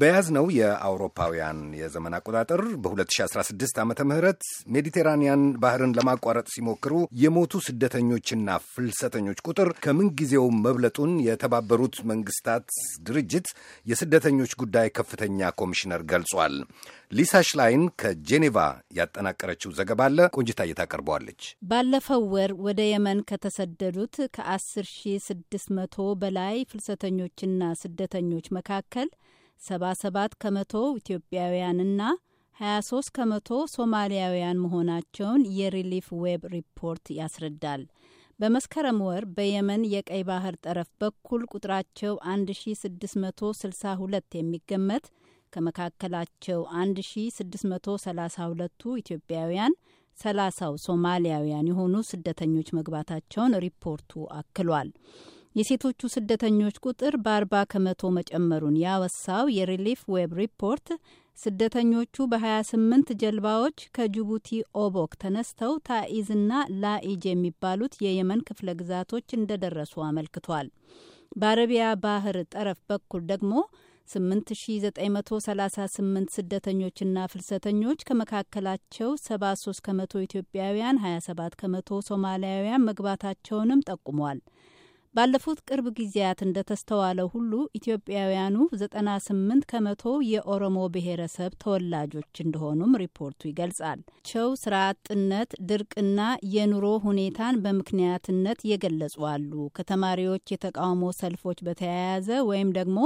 በያዝነው የአውሮፓውያን የዘመን አቆጣጠር በ2016 ዓ ም ሜዲቴራንያን ባህርን ለማቋረጥ ሲሞክሩ የሞቱ ስደተኞችና ፍልሰተኞች ቁጥር ከምንጊዜው መብለጡን የተባበሩት መንግስታት ድርጅት የስደተኞች ጉዳይ ከፍተኛ ኮሚሽነር ገልጿል። ሊሳ ሽላይን ከጄኔቫ ያጠናቀረችው ዘገባ አለ ቆንጅታ እየታቀርበዋለች። ባለፈው ወር ወደ የመን ከተሰደዱት ከ10,600 በላይ ፍልሰተኞችና ስደተኞች መካከል 77 ከመቶ ኢትዮጵያውያንና 23 ከመቶ ሶማሊያውያን መሆናቸውን የሪሊፍ ዌብ ሪፖርት ያስረዳል። በመስከረም ወር በየመን የቀይ ባህር ጠረፍ በኩል ቁጥራቸው 1662 የሚገመት ከመካከላቸው 1632ቱ ኢትዮጵያውያን፣ 30ው ሶማሊያውያን የሆኑ ስደተኞች መግባታቸውን ሪፖርቱ አክሏል። የሴቶቹ ስደተኞች ቁጥር በ ከመቶ መጨመሩን ያወሳው የሪሊፍ ዌብ ሪፖርት ስደተኞቹ በ28 ጀልባዎች ከጅቡቲ ኦቦክ ተነስተው ታኢዝና ላኢጅ የሚባሉት የየመን ክፍለ ግዛቶች እንደደረሱ አመልክቷል። በአረቢያ ባህር ጠረፍ በኩል ደግሞ 8938 ስደተኞችና ፍልሰተኞች ከመካከላቸው 73 ከመቶ ኢትዮጵያውያን፣ 27 ከመቶ ሶማሊያውያን መግባታቸውንም ጠቁሟል። ባለፉት ቅርብ ጊዜያት እንደተስተዋለው ሁሉ ኢትዮጵያውያኑ 98 ከመቶ የኦሮሞ ብሔረሰብ ተወላጆች እንደሆኑም ሪፖርቱ ይገልጻል። ቸው ስራ አጥነት፣ ድርቅና የኑሮ ሁኔታን በምክንያትነት የገለጹ አሉ። ከተማሪዎች የተቃውሞ ሰልፎች በተያያዘ ወይም ደግሞ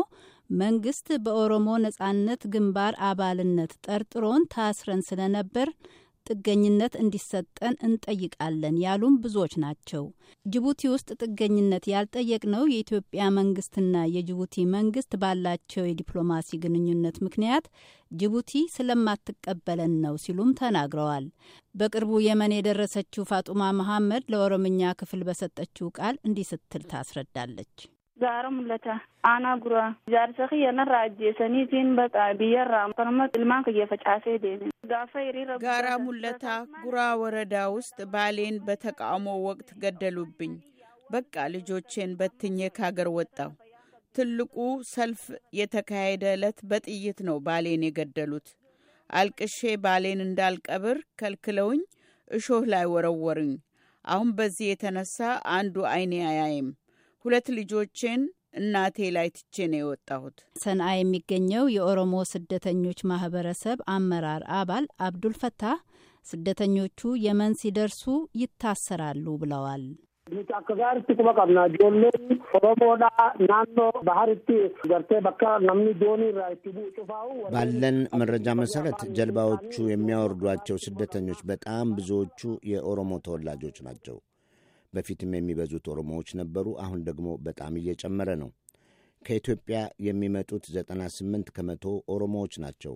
መንግስት በኦሮሞ ነጻነት ግንባር አባልነት ጠርጥሮን ታስረን ስለነበር ጥገኝነት እንዲሰጠን እንጠይቃለን ያሉም ብዙዎች ናቸው። ጅቡቲ ውስጥ ጥገኝነት ያልጠየቅነው የኢትዮጵያ መንግስትና የጅቡቲ መንግስት ባላቸው የዲፕሎማሲ ግንኙነት ምክንያት ጅቡቲ ስለማትቀበለን ነው ሲሉም ተናግረዋል። በቅርቡ የመን የደረሰችው ፋጡማ መሐመድ ለኦሮምኛ ክፍል በሰጠችው ቃል እንዲህ ስትል ታስረዳለች። ዛሮ ሙለታ አና ጉራ ዛርሰኺ የነራ ጄሰኒ ዚን በጣ ብየራ ፈርመት ልማን ከየፈጫሴ ዴኒ ጋራ ሙለታ ጉራ ወረዳ ውስጥ ባሌን በተቃውሞ ወቅት ገደሉብኝ። በቃ ልጆቼን በትኜ ካገር ወጣሁ። ትልቁ ሰልፍ የተካሄደ ዕለት በጥይት ነው ባሌን የገደሉት። አልቅሼ ባሌን እንዳልቀብር ከልክለውኝ እሾህ ላይ ወረወሩኝ። አሁን በዚህ የተነሳ አንዱ አይኔ አያይም። ሁለት ልጆቼን እናቴ ላይ ትቼ ነው የወጣሁት። ሰንአ የሚገኘው የኦሮሞ ስደተኞች ማህበረሰብ አመራር አባል አብዱል ስደተኞቹ የመን ሲደርሱ ይታሰራሉ ብለዋል። ባለን መረጃ መሰረት ጀልባዎቹ የሚያወርዷቸው ስደተኞች በጣም ብዙዎቹ የኦሮሞ ተወላጆች ናቸው። በፊትም የሚበዙት ኦሮሞዎች ነበሩ። አሁን ደግሞ በጣም እየጨመረ ነው። ከኢትዮጵያ የሚመጡት 98 ከመቶ ኦሮሞዎች ናቸው።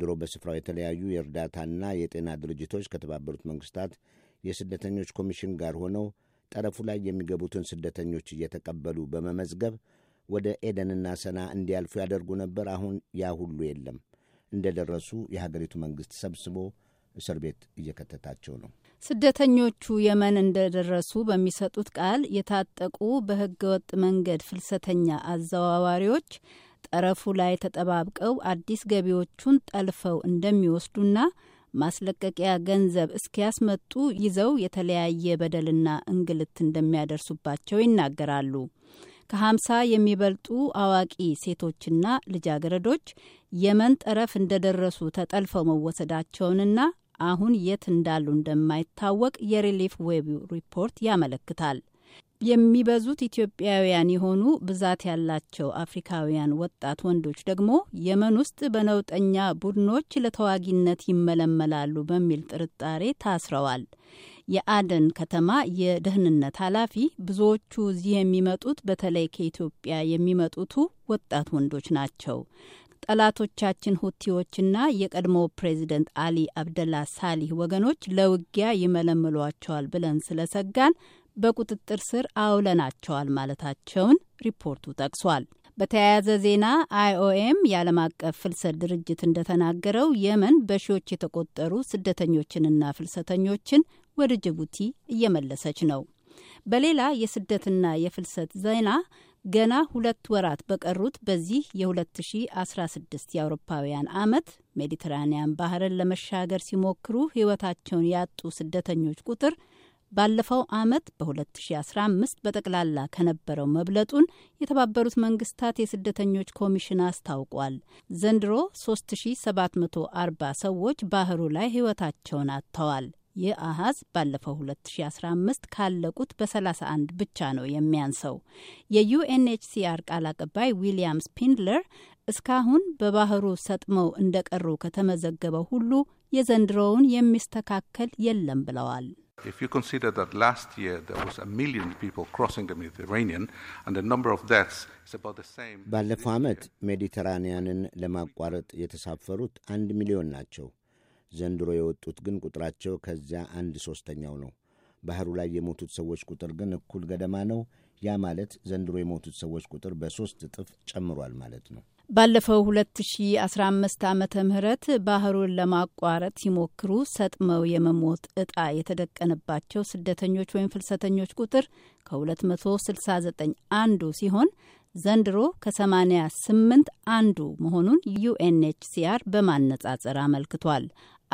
ድሮ በስፍራው የተለያዩ የእርዳታና የጤና ድርጅቶች ከተባበሩት መንግስታት የስደተኞች ኮሚሽን ጋር ሆነው ጠረፉ ላይ የሚገቡትን ስደተኞች እየተቀበሉ በመመዝገብ ወደ ኤደንና ሰና እንዲያልፉ ያደርጉ ነበር። አሁን ያ ሁሉ የለም። እንደ ደረሱ የሀገሪቱ መንግሥት ሰብስቦ እስር ቤት እየከተታቸው ነው። ስደተኞቹ የመን እንደደረሱ በሚሰጡት ቃል የታጠቁ በህገወጥ መንገድ ፍልሰተኛ አዘዋዋሪዎች ጠረፉ ላይ ተጠባብቀው አዲስ ገቢዎቹን ጠልፈው እንደሚወስዱና ማስለቀቂያ ገንዘብ እስኪያስመጡ ይዘው የተለያየ በደልና እንግልት እንደሚያደርሱባቸው ይናገራሉ። ከሀምሳ የሚበልጡ አዋቂ ሴቶችና ልጃገረዶች የመን ጠረፍ እንደደረሱ ተጠልፈው መወሰዳቸውንና አሁን የት እንዳሉ እንደማይታወቅ የሪሊፍ ዌብ ሪፖርት ያመለክታል። የሚበዙት ኢትዮጵያውያን የሆኑ ብዛት ያላቸው አፍሪካውያን ወጣት ወንዶች ደግሞ የመን ውስጥ በነውጠኛ ቡድኖች ለተዋጊነት ይመለመላሉ በሚል ጥርጣሬ ታስረዋል። የአደን ከተማ የደህንነት ኃላፊ ብዙዎቹ እዚህ የሚመጡት በተለይ ከኢትዮጵያ የሚመጡቱ ወጣት ወንዶች ናቸው፣ ጠላቶቻችን ሁቲዎችና የቀድሞ ፕሬዚደንት አሊ አብደላ ሳሊህ ወገኖች ለውጊያ ይመለምሏቸዋል ብለን ስለሰጋን በቁጥጥር ስር አውለናቸዋል ማለታቸውን ሪፖርቱ ጠቅሷል። በተያያዘ ዜና አይኦኤም የዓለም አቀፍ ፍልሰት ድርጅት እንደተናገረው የመን በሺዎች የተቆጠሩ ስደተኞችንና ፍልሰተኞችን ወደ ጅቡቲ እየመለሰች ነው። በሌላ የስደትና የፍልሰት ዜና ገና ሁለት ወራት በቀሩት በዚህ የ2016 የአውሮፓውያን ዓመት ሜዲትራኒያን ባህርን ለመሻገር ሲሞክሩ ሕይወታቸውን ያጡ ስደተኞች ቁጥር ባለፈው ዓመት በ2015 በጠቅላላ ከነበረው መብለጡን የተባበሩት መንግስታት የስደተኞች ኮሚሽን አስታውቋል። ዘንድሮ 3740 ሰዎች ባህሩ ላይ ሕይወታቸውን አጥተዋል። ይህ አሃዝ ባለፈው 2015 ካለቁት በ31 ብቻ ነው የሚያንሰው። የዩኤንኤችሲአር ቃል አቀባይ ዊሊያም ስፒንድለር እስካሁን በባህሩ ሰጥመው እንደቀሩ ከተመዘገበው ሁሉ የዘንድሮውን የሚስተካከል የለም ብለዋል። ባለፈው ዓመት ሜዲተራንያንን ለማቋረጥ የተሳፈሩት አንድ ሚሊዮን ናቸው። ዘንድሮ የወጡት ግን ቁጥራቸው ከዚያ አንድ ሦስተኛው ነው። ባህሩ ላይ የሞቱት ሰዎች ቁጥር ግን እኩል ገደማ ነው። ያ ማለት ዘንድሮ የሞቱት ሰዎች ቁጥር በሶስት እጥፍ ጨምሯል ማለት ነው። ባለፈው 2015 ዓመተ ምህረት ባህሩን ለማቋረጥ ሲሞክሩ ሰጥመው የመሞት እጣ የተደቀነባቸው ስደተኞች ወይም ፍልሰተኞች ቁጥር ከ269 አንዱ ሲሆን ዘንድሮ ከ88 አንዱ መሆኑን ዩኤንኤችሲአር በማነጻጸር አመልክቷል።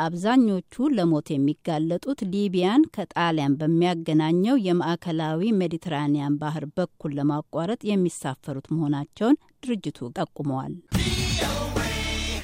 አብዛኞቹ ለሞት የሚጋለጡት ሊቢያን ከጣሊያን በሚያገናኘው የማዕከላዊ ሜዲትራኒያን ባህር በኩል ለማቋረጥ የሚሳፈሩት መሆናቸውን ድርጅቱ ጠቁመዋል።